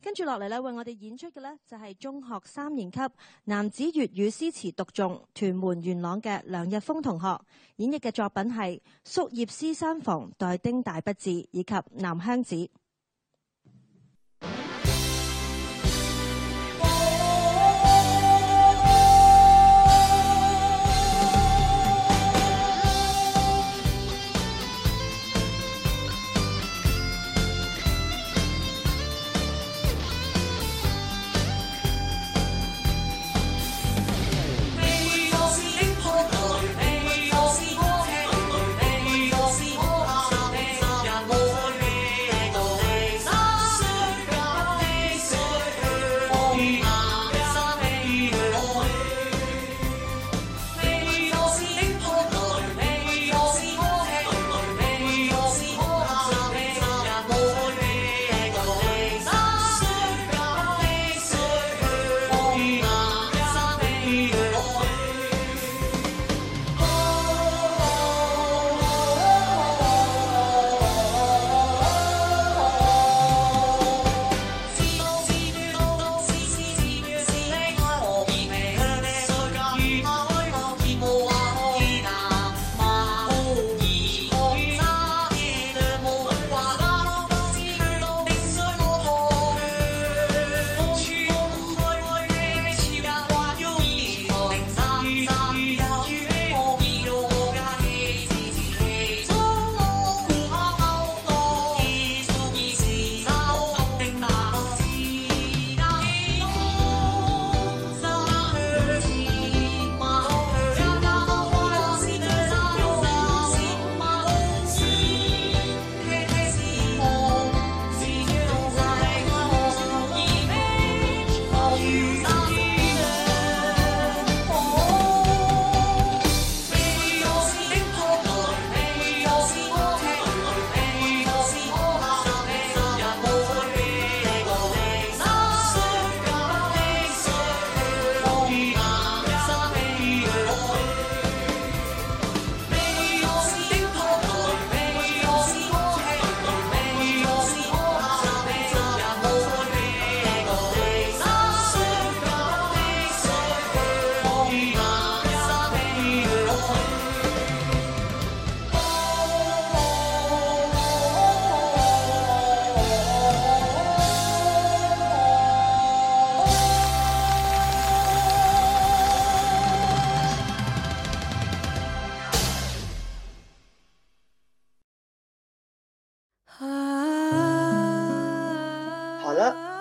跟住落嚟咧，為我哋演出嘅咧就係中學三年級男子粵語詩詞獨誦，屯門元朗嘅梁日峰同學演繹嘅作品係《宿業師山房待丁大不至》以及南鄉《南鄉子》。